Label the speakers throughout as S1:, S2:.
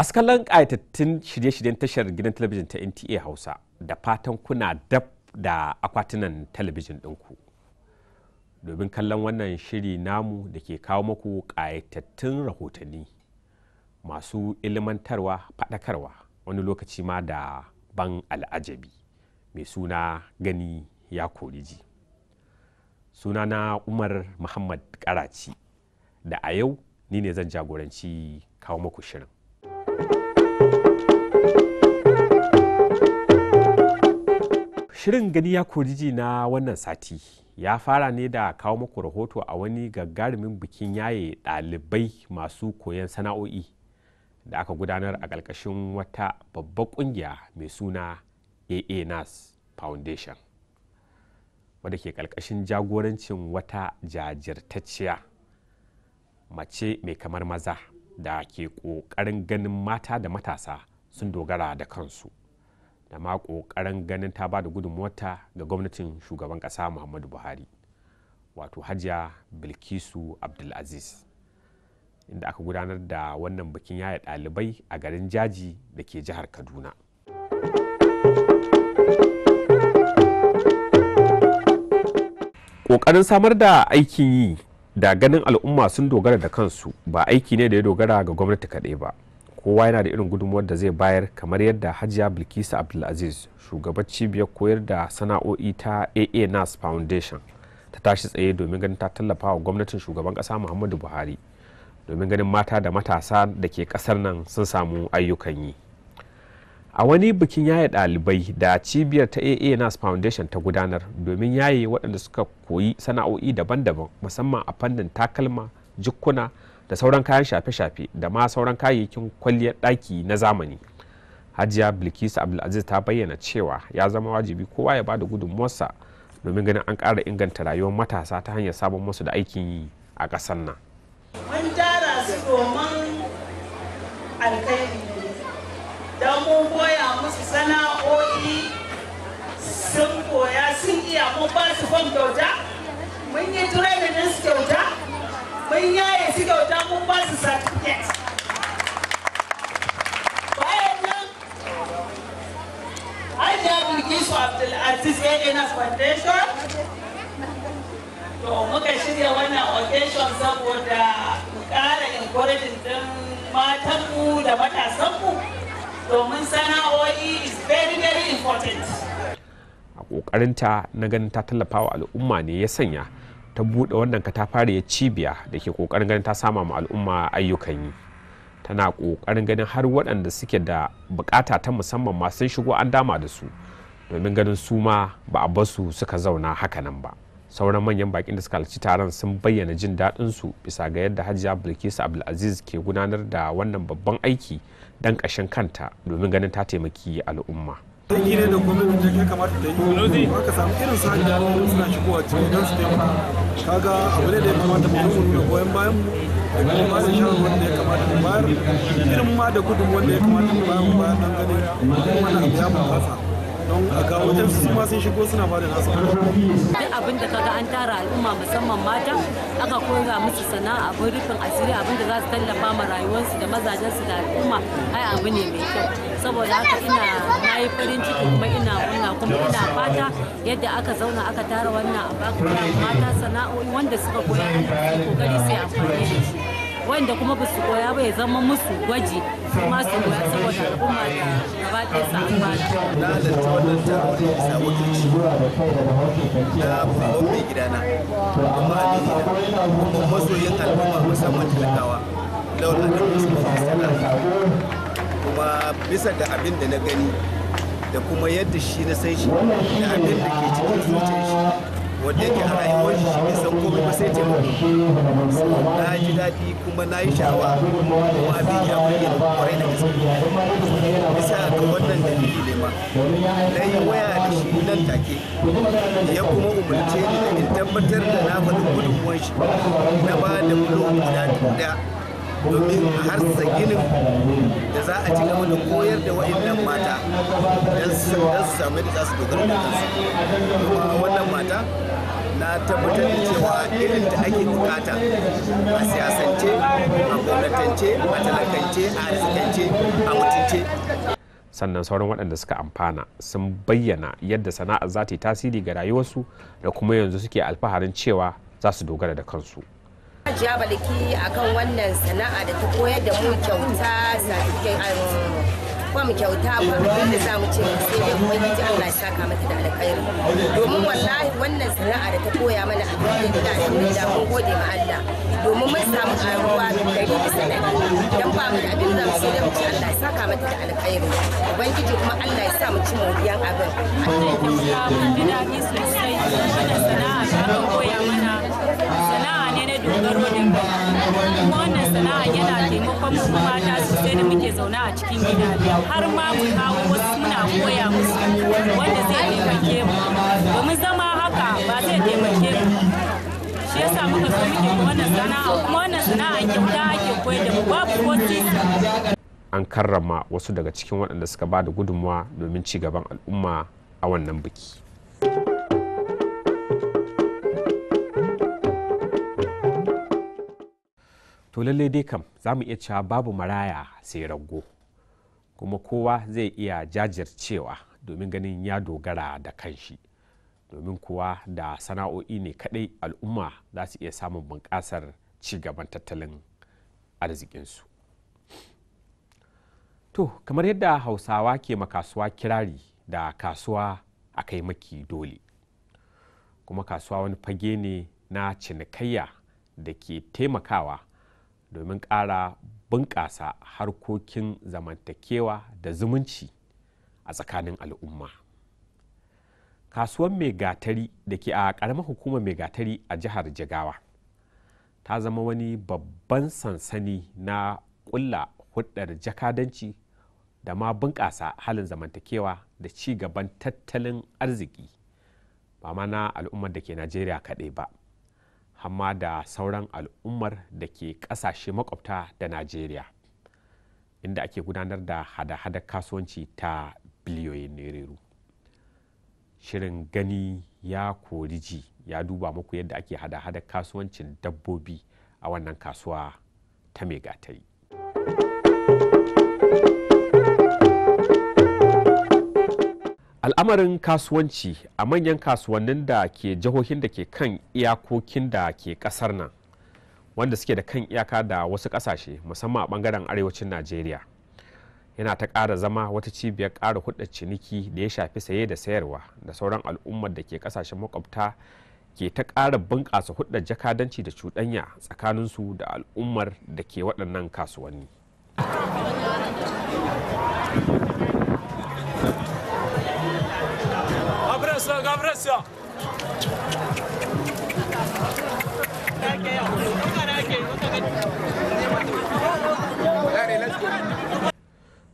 S1: masu kallon ƙayatattun shirye-shiryen tashar gidan talabijin ta nta hausa da fatan kuna dab da akwatunan talabijin ɗinku domin kallon wannan shiri namu da ke kawo maku ƙayatattun rahotanni masu ilimantarwa faɗakarwa wani lokaci ma da ban al'ajabi mai suna gani ya koriji suna na umar muhammad karaci da a yau ni ne zan jagoranci kawo maku shirin Shirin gani ya koriji na wannan sati ya fara ne da kawo muku rahoto a wani gagarumin bikin yaye ɗalibai masu koyon sana'o'i da aka gudanar a ƙarƙashin wata babbar ƙungiya mai suna aa nas Foundation wadda ke ƙarƙashin jagorancin wata jajirtacciya mace mai kamar maza da ke ƙoƙarin ganin mata da matasa sun dogara da kansu da ma ƙoƙarin ganin ta ba da gudunmuwarta ga gwamnatin shugaban ƙasa muhammadu buhari wato hajiya bilkisu abdulaziz inda aka gudanar da wannan bikin yaya ɗalibai a garin jaji da ke jihar kaduna ƙoƙarin samar da aikin yi da ganin al'umma sun dogara da kansu ba aiki ne da ya dogara ga gwamnati kaɗai ba kowa yana da irin gudunmuwar da zai bayar kamar yadda hajiya bilkisa abdulaziz shugabar cibiyar koyar da sana'o'i ta aa nas foundation ta tashi tsaye domin ganin ta tallafa wa gwamnatin shugaban kasa muhammadu buhari domin ganin mata da matasa da ke kasar nan sun samu ayyukan yi a wani bikin yaye dalibai da cibiyar ta aa nas foundation ta gudanar domin yaye waɗanda suka koyi sana'o'i daban-daban musamman a fannin takalma jikkuna da sauran kayan shafe-shafe da ma sauran kayayyakin kwalliyar ɗaki na zamani hajiya bilkisu abdulaziz ta bayyana cewa ya zama wajibi kowa ya ba da gudunmuwarsa domin ganin an kara inganta rayuwar matasa ta hanyar sabon musu da aikin yi a ƙasar nan
S2: mun tara su domin alkhairi don mun koya musu sana'o'i sun koya sun iya mun ba su fom kyauta mun yi mun yaye su kyauta mun ba su certificate bayan nan an ja bilkisu abdul aziz yana foundation to muka shirya wannan occasion saboda mu ƙara encouraging din matanmu da matasanmu domin sana'o'i is very very important
S1: a ƙoƙarinta na ganin ta tallafa wa al'umma ne ya sanya ta buɗe wannan ya cibiya da ke ƙoƙarin ganin ta sama ma al'umma ayyukan yi tana ƙoƙarin ganin har waɗanda suke da buƙata ta musamman ma sun shigo an dama da su domin ganin su ma ba a basu suka zauna haka nan ba sauran manyan baƙin da suka halarci taron sun bayyana jin daɗin su bisa ga yadda hajiya bilkisu abdulaziz ke gudanar da wannan babban aiki don ƙashin kanta domin ganin ta taimaki al'umma
S3: aiki ne da gwamnatin jirgin kamata ta yi aka samu irin sa'ad da alamun suna shigo a cikin don su taimaka kaga abu ne da ya kamata mu yi da goyon bayan mu da kuma ba da shawarar wanda ya kamata mu bayar irin ma da gudun wanda ya kamata mu bayar mu bayar dangane kuma na abu ya bunƙasa don kawo su ma sun shigo suna bada nasu duk abin da kaga an tara
S2: al'umma musamman mata aka koya musu sana'a abin rufin asiri abin da za su tallafa ma rayuwarsu da mazajensu da al'umma ai abu ne mai kyau saboda haka ina na yi farin ciki kuma ina murna kuma ina fata yadda aka zauna aka tara wannan abu aka mata sana'o'i wanda suka koya
S3: kokari sai
S2: amfani da shi wanda kuma ba su koya ba ya zama musu gwaji kuma su koya saboda al'umma da gaba ɗaya su da Na halarci wannan taro ne bisa wakilci da babban mai gidana amma ni kuma masoyin al'umma musamman talakawa. Laula da ba musu kuma bisa da abin da na gani da kuma yadda shi na san shi da abin da ke cikin zuciyar shi wanda yake a rayuwar shi bai san komai ba sai ce na ji daɗi kuma na yi sha'awa kuma abin ya bayyana kwarai da gaske bisa ga wannan dalili ne ma na yi waya da shi nan take ya kuma umarce ni da in tabbatar da na faɗin gudunmuwan shi na ba da bulo guda ɗaya domin harsa ginin da za a ci gaba da koyar da waɗannan mata don su samu da za su dogara da kansu kuma wannan mata na tabbatar da cewa irin da ake bukata a siyasance a gwamnatance a talakance a arzikance a mutunce
S1: sannan sauran waɗanda suka amfana sun bayyana yadda sana'ar za ta yi tasiri ga rayuwarsu da kuma yanzu suke alfaharin cewa za su dogara da kansu.
S3: hajiya baliki kan wannan sana'a da ta koyar da mu kyauta um, mu kyauta ba da za mu ce sai dai kuma yaji Allah ya saka mata da alkhairi domin wallahi wannan sana'a da ta koya mana a cikin da da mun gode ma Allah domin mun samu karuwa da dari da sana'a dan ba mu da abin da mu sai da mu ce Allah ya saka mata da alkhairi ubangiji kuma Allah ya sa mu ci moriyan abin Allah ya saka mana da sana'a ta koya
S2: mana kuma wannan sana'a yana taimakon
S3: mu mata sosai da muke zaune a cikin gida har ma mu kawo wasu muna koya musu wanda zai
S2: taimake mu domin zama haka ba zai taimake mu shi yasa muka so muke wannan sana'a kuma wannan sana'a kyauta ake koyar da mu babu ko
S1: an karrama wasu daga cikin waɗanda suka ba da gudunmawa domin ci gaban al'umma a wannan biki. to lallai dai kam za mu iya cewa babu maraya sai rago kuma kowa zai iya jajircewa domin ganin ya dogara da kanshi domin kuwa da sana'o'i ne kadai al'umma za su iya samun bunƙasar gaban tattalin arzikinsu to kamar yadda hausawa ke makasuwa kirari da kasuwa a kai maki dole kuma kasuwa wani fage ne na cinikayya da ke taimakawa domin ƙara bunƙasa harkokin zamantakewa da zumunci a tsakanin al'umma kasuwar megatari da ke a ƙaramar hukumar megatari a jihar jagawa ta zama wani babban sansani na ƙulla hudar jakadanci da ma bunƙasa halin zamantakewa da ci gaban tattalin arziki ba ma na al'ummar da ke najeriya kaɗai ba hamma da sauran al'ummar da ke kasashe makwabta da najeriya inda ake gudanar da hada-hada kasuwanci ta biliyoyin nereru shirin gani ya kori ji ya duba muku yadda ake hada-hada kasuwancin dabbobi a wannan kasuwa ta megatari al'amarin kasuwanci a manyan kasuwannin da ke jihohin da ke kan iyakokin da ke kasar nan wanda suke da kan iyaka da wasu kasashe musamman a bangaren arewacin najeriya yana ta ƙara zama wata cibiyar ƙara hudda ciniki da ya shafi saye da sayarwa da sauran al'ummar da ke kasashen makwabta ke ta ƙara bunƙasa hudda jakadanci da cuɗanya tsakaninsu da al'ummar da ke waɗannan kasuwanni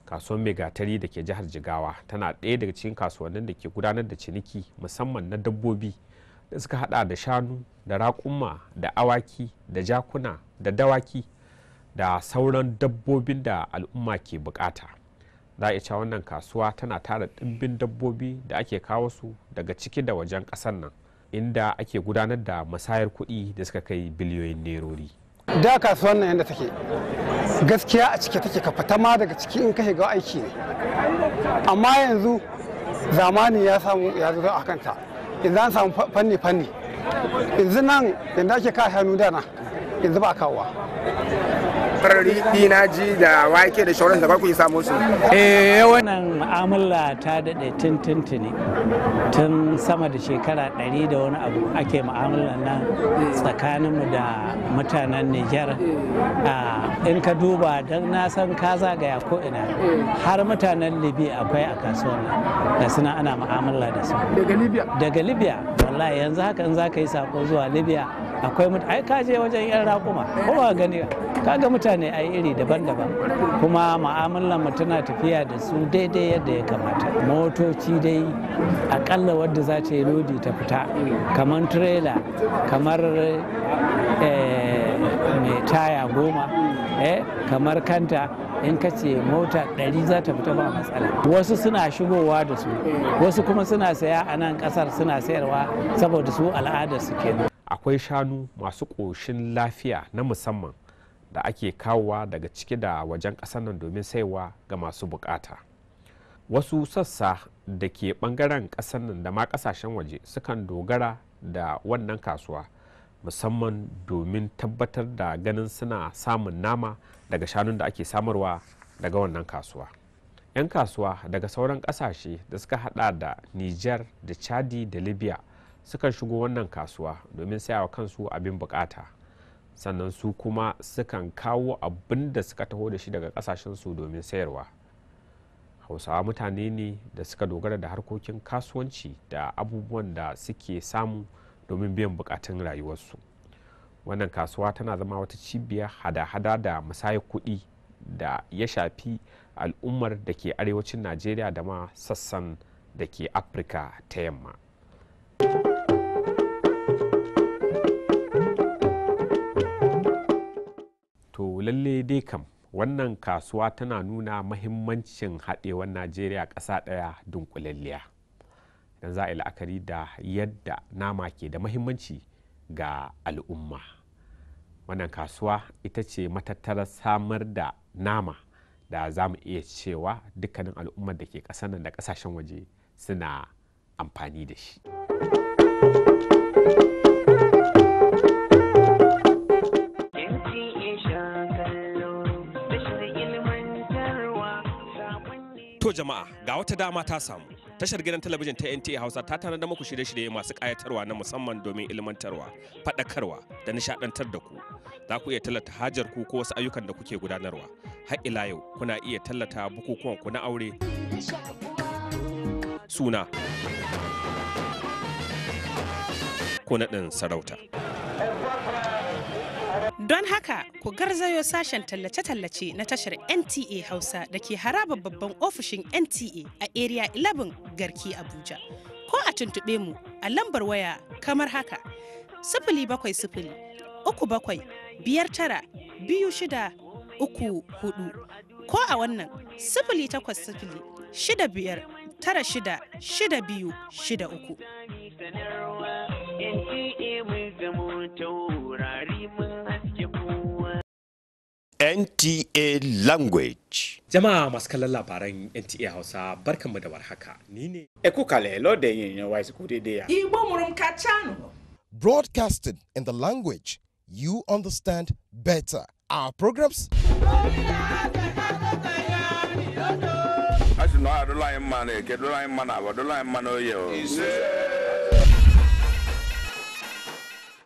S1: kasuwar megatari da ke jihar jigawa tana ɗaya daga cikin kasuwannin da ke gudanar da ciniki musamman na dabbobi da suka hada da shanu da raƙuma da awaki da jakuna da dawaki da sauran dabbobin da al'umma ke bukata. za a wannan kasuwa tana tara ɗimbin dabbobi da ake kawo su daga ciki da wajen kasar nan inda ake gudanar da masayar kuɗi da suka kai biliyoyin nerori
S2: da kasuwar nan yadda take gaskiya a cike take ka fita ma daga ciki in ka shiga aiki ne amma yanzu zamani ya samu ya zo a kanta yanzu an samu fanni fanni yanzu nan yadda ake kawo hannu dana yanzu ba kawowa farari dinaji
S1: da wake da shauran da kuke samu su eh wannan
S2: mu'amala ta dade tun tun tun sama da shekara ɗari da wani abu ake mu'amala nan tsakaninmu da mutanen Nijar ah, in ka duba don na san ka zagaya ko ina har mutanen Libya akwai a kasuwar da suna ana mu'amala da su daga Libya daga Libya wallahi yanzu haka in za ka yi sako zuwa Libya akwai mutane ai ka je wajen yan raƙuma ko ba gani ga mutu mutane a iri daban-daban kuma ma'amala mu tana tafiya da su daidai yadda ya kamata motoci dai akalla wadda za ta yi lodi ta fita kamar trailer kamar eh, mai taya goma eh, kamar kanta in ka ce mota ɗari za ta fita ba matsala wasu suna shigowa da su
S1: wasu kuma suna saya a nan ƙasar suna sayarwa saboda su al'adar su kenan akwai shanu masu ƙoshin lafiya na musamman da ake kawowa daga ciki da wajen ƙasar nan domin saiwa ga masu bukata wasu sassa da ke ɓangaren ƙasar nan da ma ƙasashen waje sukan dogara da wannan kasuwa musamman domin tabbatar da ganin suna samun nama daga shanun da ake samarwa daga wannan kasuwa 'yan kasuwa daga sauran ƙasashe da suka hada da niger da chadi da libya sukan shigo wannan kasuwa domin sayawa kansu abin bukata sannan su kuma sukan kawo abin da suka taho da shi daga kasashensu domin sayarwa hausawa mutane ne da suka dogara da harkokin kasuwanci da abubuwan da suke samu domin biyan bukatun rayuwarsu wannan kasuwa tana zama wata cibiyar hada-hada da musayar kuɗi da ya shafi al'ummar da ke arewacin najeriya da ma sassan da ke afirka ta yamma to lalle dai kam wannan kasuwa tana nuna mahimmancin haɗewar najeriya ƙasa ɗaya dunkulalliya don za a yi la'akari da yadda nama ke da mahimmanci ga al'umma wannan kasuwa ita ce matattarar samar da nama da za mu iya cewa dukkanin al'ummar da ke ƙasar nan da ƙasashen waje suna amfani da shi. jama'a ga wata dama ta samu tashar gidan talabijin ta NTA Hausa ta tanar da muku shirye-shirye masu kayatarwa na musamman domin ilmantarwa, faɗakarwa da nishaɗantar da ku. Za ku iya tallata hajar ku ko wasu ayyukan da kuke gudanarwa. Har ila yau kuna iya tallata bukukuwan ku na aure. Suna. Ko naɗin sarauta.
S3: Don haka ku garzayo sashen tallace-tallace na
S2: tashar NTA Hausa da ke haraba babban ofishin NTA a Area 11 Garki Abuja. Ko a tuntube mu a lambar waya kamar haka. Sifili bakwai sifili, uku bakwai, biyar tara, biyu shida, uku hudu. Ko a wannan sifili takwas sifili, shida biyar, tara shida, shida biyu, shida uku.
S1: NTA language. Jama'a masu labaran NTA Hausa barkanmu da warhaka. Ni ne. Eko kale lo da yin yin Igbo murum Broadcasted in the language you understand better. Our programs.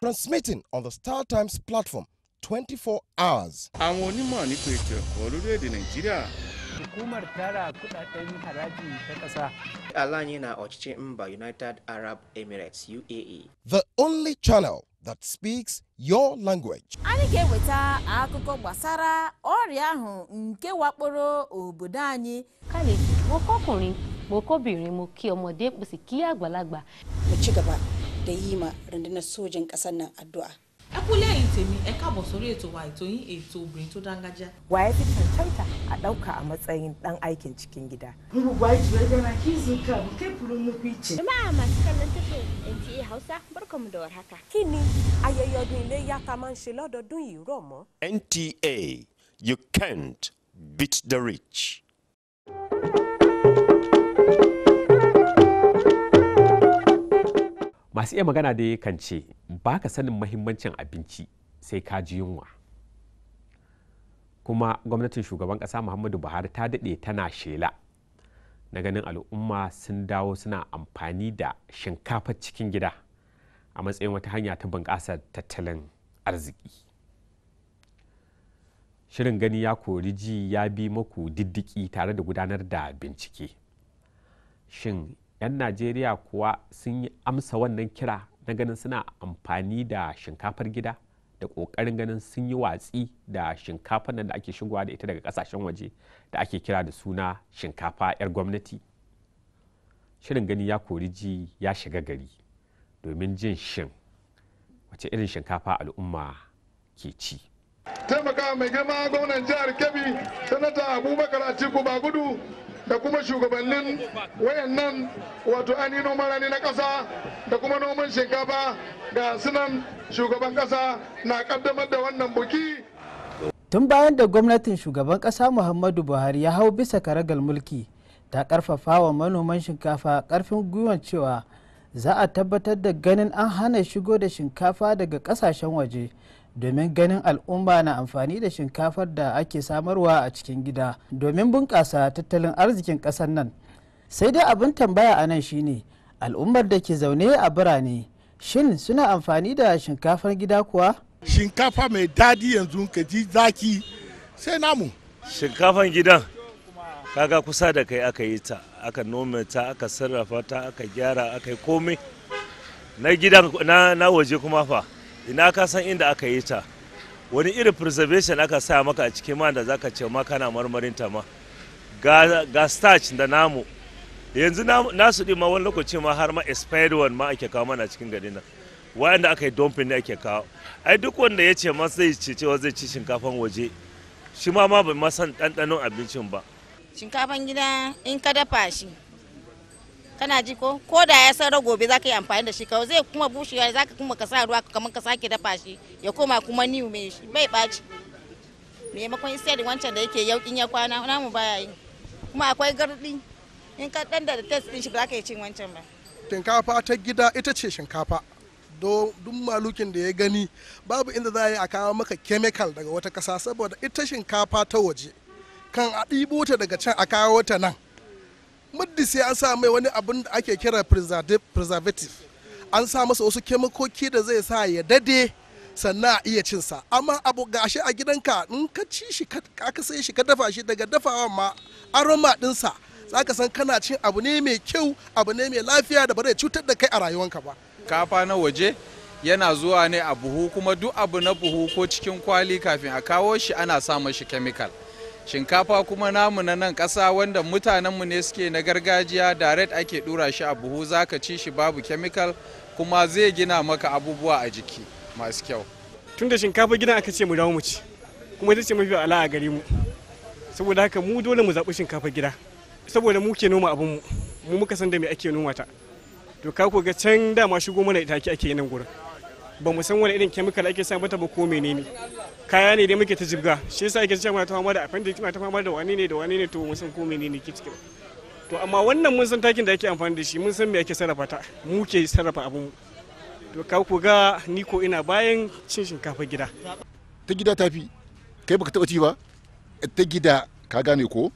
S1: Transmitting on the Star Times platform 24 hours. àwọn onímọ̀ nípa ètò ẹ̀kọ́ lórílẹ̀‐èdè nàìjíríà. hukumar tara kudaden haraji ta kasa.
S2: alanye na ọchịchị mba united arab emirates uae.
S1: the only channel that speaks your language.
S2: anyị ga-eweta akụkọ gbasara ọrịa ahụ nke wakporo obodo anyị. kálífì mo kọkùnrin mo kóbìnrin mo kí ọmọdé mo sì kí àgbàlagbà. mo ci gaba da yi ma rundunar sojin ƙasar nan addu'a. ẹ kú lẹ́yìn tèmi ẹ káàbọ̀ sórí ètò wa ètò yín ètò obìnrin tó dángájá. waye fi cancanta a ɗauka a matsayin ɗan aikin cikin gida. jama'a masu kallon tashar NTA hausa barkamu da warhaka. kí ni ayẹyẹ ọdún iléyá tá a máa ń ṣe lọ́dọọdún yìí rọ̀ mọ́.
S1: NTA you can't beat the rich. masu iya magana da kan ce ba ka sanin mahimmancin abinci sai ka ji yunwa kuma gwamnatin shugaban ƙasa muhammadu buhari ta daɗe tana shela na ganin al'umma sun dawo suna amfani da shinkafa cikin gida a matsayin wata hanya ta bunƙasa tattalin arziki shirin gani ya kori ji ya bi maku diddiki tare da gudanar da bincike shin 'yan najeriya kuwa sun yi amsa wannan kira na ganin suna amfani da shinkafar gida da ƙoƙarin ganin sun yi watsi da shinkafar nan da ake shigowa da ita daga ƙasashen waje da ake kira da suna shinkafa 'yar gwamnati shirin gani ya kori ji ya shiga gari domin jin shin wace irin shinkafa al'umma ke ci taimaka mai girma gwamnan jihar kebbi sanata abubakar atiku bagudu gudu da kuma shugabannin wayannan
S3: wato ani noman rani na ƙasa da kuma noman shinkafa ga sunan shugaban ƙasa na ƙaddamar da wannan buki
S2: tun bayan da gwamnatin shugaban ƙasa muhammadu buhari ya hau bisa karagal mulki ta ƙarfafa wa manoman shinkafa ƙarfin gwiwan cewa za a tabbatar da ganin an hana shigo da shinkafa daga ƙasashen waje domin ganin al'umma na amfani da shinkafar da ake samarwa a cikin gida domin bunƙasa tattalin arzikin ƙasar nan sai dai abin tambaya a nan shine al'ummar da ke zaune a birane shin suna amfani da shinkafar gida kuwa shinkafa mai dadi yanzu ka ji zaki sai namu
S3: shinkafan gidan kaga kusa da kai aka yi ta aka nome ta aka sarrafa ta aka gyara aka yi komai na waje kuma fa ina ka san inda aka yi ta wani irin preservation aka sa maka a cikin man da zaka ce ma
S1: kana marmarin ta ma ga, ga starch da namu yanzu nasu ɗin ma wani lokaci ma har ma expired one ma ake kawo mana cikin gari nan wa'anda aka yi dumping ne ake kawo ai duk wanda ya ce ma zai ce cewa zai ci shinkafan waje shi ma ma bai san ɗanɗanon abincin ba
S2: shinkafan gida in ka dafa shi kana ji ko ko da ya san gobe za ka yi amfani da shi kawai zai kuma bushewa za ka kuma ka sa ruwa kamar ka sake dafa shi ya koma kuma niu mai shi bai ɓaci maimakon da wancan da yake yaukin ya kwana mu baya yi kuma akwai gardi in ka dan da test din shi ba za ka yi cin wancan ba
S1: shinkafa ta gida ita ce shinkafa duk malukin da ya gani babu inda za a yi a kawo maka chemical daga wata kasa saboda ita shinkafa ta waje kan a ɗibo ta daga can a kawo ta nan muddi sai an sa mai wani abin da ake kira preservative an sa masa wasu kemikoki da zai sa ya dade sannan a iya cinsa amma abu gashi a gidanka in ka ci shi ka sai shi ka dafa shi daga dafawa ma aroma dinsa zaka san kana cin abu ne mai kyau abu ne mai lafiya da ba zai cutar da kai a rayuwanka ba
S3: kafa na waje yana zuwa ne a buhu kuma duk abu na buhu ko cikin kwali kafin a kawo shi ana sa mashi kemikal shinkafa kuma namu na nan ƙasa wanda mutanenmu ne suke na gargajiya direct ake dura shi a buhu za ka ci shi babu chemical kuma zai gina maka abubuwa a jiki
S1: masu kyau tun da shinkafa gina aka ce mu dawo mu ci kuma ita ce mafi ala a gare mu saboda haka mu dole mu zaɓi shinkafa gida saboda mu ke noma abin mu muka san da me ake noma ta to ka ga can dama shigo mana ita ake nan gurin ba mu san wani irin chemical ake sa mata ba ko menene kaya ne da muke ta jibga shi yasa yake cewa ta fama da appendix ta fama da wani ne da wani ne to mun san ko menene ke to amma wannan mun san takin da ake amfani da shi mun san me ake sarrafa ta mu ke sarrafa abun to ka ku ga ni ko ina bayan cin shinkafa gida ta gida ta fi kai baka taba ci ba ta
S3: gida ka gane ko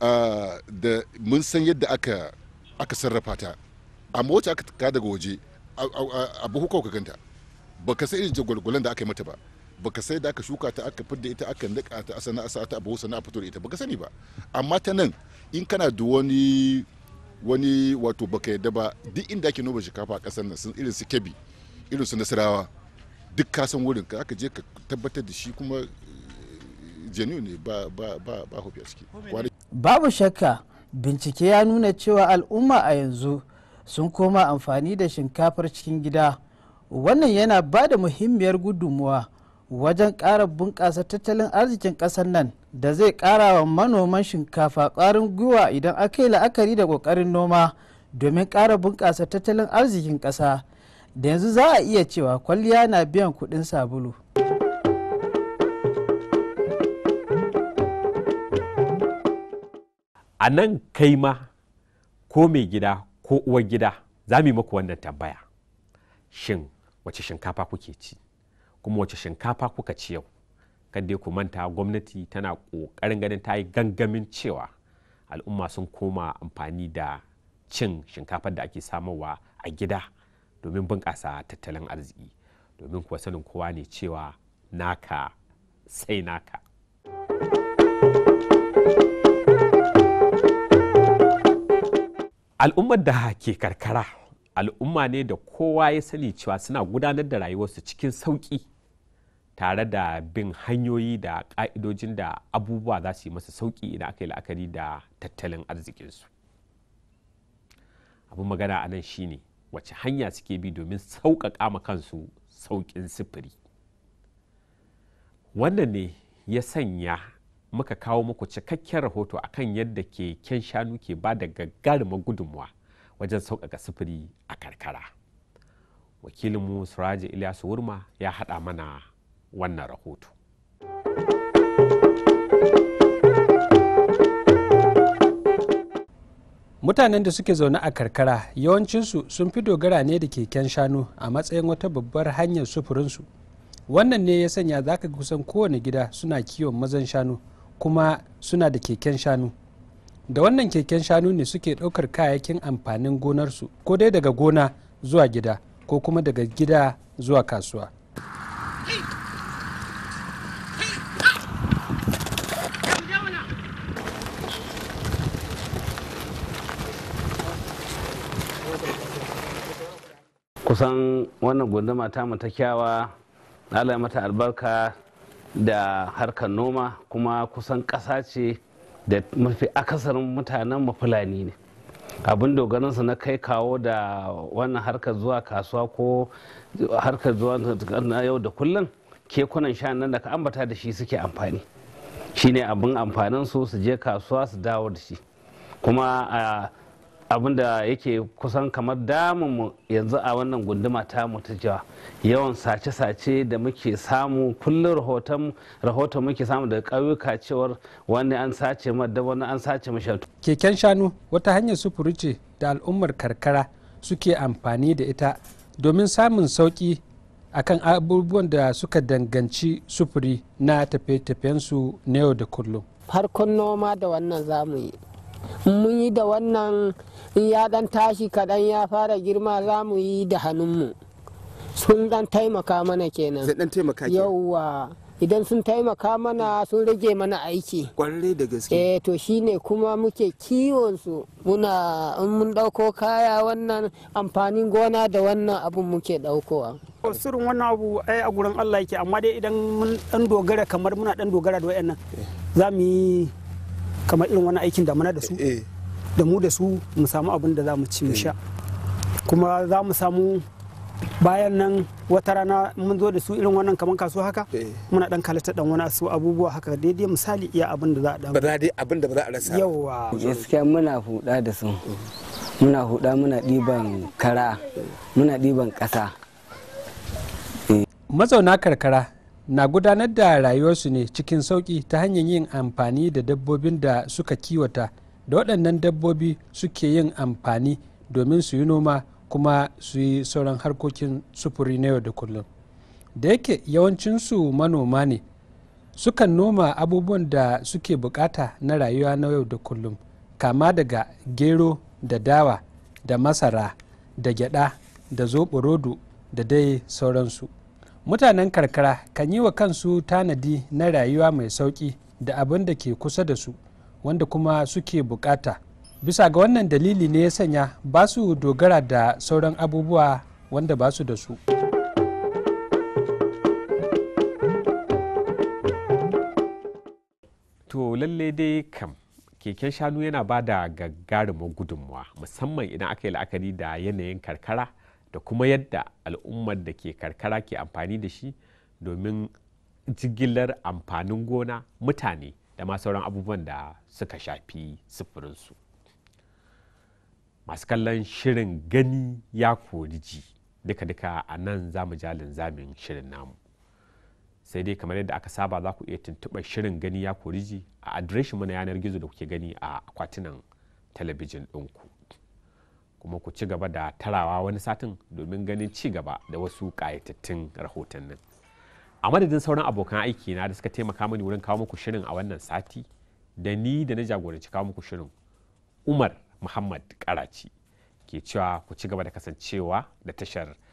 S3: ah, da mun san yadda aka aka sarrafa ta amma wacce aka ka daga waje abu hukawa ka ganta baka san irin jagwalgwalan da aka yi mata ba baka sai da aka shuka ta aka fidda ita aka nika ta sana'a sa ta abu sana fito da ita baka sani ba amma ta nan in kana da wani wani wato baka yadda ba duk inda ake noma shinkafa a kasar nan sun irin su kebi irin su nasarawa duk ka san wurin ka aka je ka tabbatar da shi kuma jeniu eh, ne ba ba ba ba hofi a ciki
S2: babu shakka bincike ya nuna cewa al'umma a yanzu sun koma amfani da shinkafar cikin gida wannan yana ba da muhimmiyar gudunmuwa wajen ƙara bunƙasa tattalin arzikin ƙasar nan da zai ƙara wa manoman shinkafa ƙwarin gwiwa idan aka yi la'akari da ƙoƙarin noma domin ƙara bunƙasa tattalin arzikin ƙasa da yanzu za a iya cewa kwalliya na biyan kuɗin sabulu.
S1: a nan kai ma ko mai gida ko uwar gida za mu yi maku wannan tambaya shin wace shinkafa kuke ci kuma wace shinkafa kuka ci yau kadai ku manta gwamnati tana ƙoƙarin ganin ta yi gangamin cewa al'umma sun koma amfani da cin shinkafar da ake samarwa a gida domin bunƙasa tattalin arziki domin kuwa sanin kowa ne cewa naka sai naka al'ummar da ke karkara al'umma ne da kowa ya sani cewa suna gudanar da rayuwarsu cikin sauƙi tare da bin hanyoyi da ƙa'idojin da abubuwa za su yi masa sauƙi idan aka yi la'akari da tattalin arzikinsu abin magana a nan shine wace hanya suke bi domin sauƙaƙa ma kansu sauƙin sufuri wannan ne ya sanya muka kawo muku cikakken rahoto a kan yadda keken shanu ke ba da gagarumar gudunmuwa wajen sauƙaƙa sufuri a karkara wakilinmu suraji iliyasu wurma ya haɗa mana wannan rahoto
S3: mutanen da suke zaune a karkara yawancinsu sun fi dogara ne da keken shanu a matsayin wata babbar hanyar sufurinsu wannan ne ya sanya za ka kusan kowane gida suna kiwon mazan shanu kuma suna da keken shanu da wannan keken shanu ne suke ɗaukar kayayyakin amfanin gonarsu ko dai daga gona zuwa gida ko kuma daga gida zuwa kasuwa kusan wannan gunduma ta mu ta kyawa ala mata albarka da harkar noma kuma kusan ƙasa ce da mafi akasarin mutanen mu fulani ne abin dogarinsa na kai kawo da wannan harkar zuwa kasuwa ko harkar zuwa na yau da kullum kekunan shanan da ka ambata da shi suke amfani shine abin amfanin su su je kasuwa su dawo da shi kuma a ah, abin da yake kusan kamar damun mu yanzu a wannan gunduma ta ta jawa yawan sace-sace da muke samu kullum rahoton rahoton muke samu daga ƙauyuka cewar wani an sace da wani an sace mashatu keken shanu wata hanyar sufuri ce da al'ummar karkara suke amfani da ita domin samun sauƙi akan abubuwan da suka danganci sufuri na tafe-tafensu na yau da kullum
S2: harkon noma da wannan zamu yi mun yi da wannan ya dan tashi kaɗan ya fara girma za mu yi da hannunmu sun dan taimaka mana kenan yauwa idan sun taimaka mana sun rage mana aiki kwarare da gaske eh to shine kuma muke kiwon su muna in mun dauko kaya wannan amfanin gona da wannan abun muke daukowa surun wannan abu ai a gurin Allah yake amma dai idan mun dan dogara kamar muna dan dogara da wayannan za mu yi kamar irin wani aikin da mana da su eh, eh. da mu da su mu samu abin da za mu ci mu eh. sha kuma za mu samu bayan nan wata rana mun zo da su irin wannan kamar kasuwa haka muna dan kalata dan wani su abubuwa haka daidai misali iya abin da za a
S3: dan ba dai abin da ba za a rasa yawa gaskiya muna huda da su muna huda muna diban kara muna diban kasa mazauna karkara na gudanar da rayuwarsu ne cikin sauƙi ta hanyar yin amfani da dabbobin da suka kiwata da waɗannan dabbobi suke yin amfani domin su yi noma kuma su yi sauran harkokin sufuri na yau da kullum da yake yawancinsu manoma ne sukan noma abubuwan da suke bukata na rayuwa na yau da kullum kama daga gero da dawa da masara da gyada da zoɓo da dai sauransu mutanen karkara kan yi wa kansu tanadi na rayuwa mai sauƙi da abin da ke kusa da su wanda kuma suke bukata bisa ga wannan dalili ne ya sanya ba su dogara da sauran abubuwa wanda ba su da su
S1: to lalle dai kam keken shanu yana ba da gagarumin gudunmuwa musamman idan aka yi la'akari da yanayin karkara da kuma yadda al'ummar da ke karkara ke amfani da shi domin jigilar amfanin gona mutane da ma sauran abubuwan da suka shafi sufurinsu masu kallon shirin gani ya kori ji duka-duka a nan zamu jalin zamin shirin namu sai dai kamar yadda aka saba za ku iya tuntuɓar shirin gani ya kori ji a adireshin mana yanar gizo da kuke gani a akwatinan talabijin ɗinku kuma ku ci gaba da tarawa wani satin domin ganin ci gaba da wasu ƙayatattun rahotannin a madadin sauran abokan aiki na da suka taimaka mani wurin kawo muku shirin a wannan sati da ni da na jagoranci kawo muku shirin umar muhammad karaci ke cewa ku ci gaba da kasancewa da tashar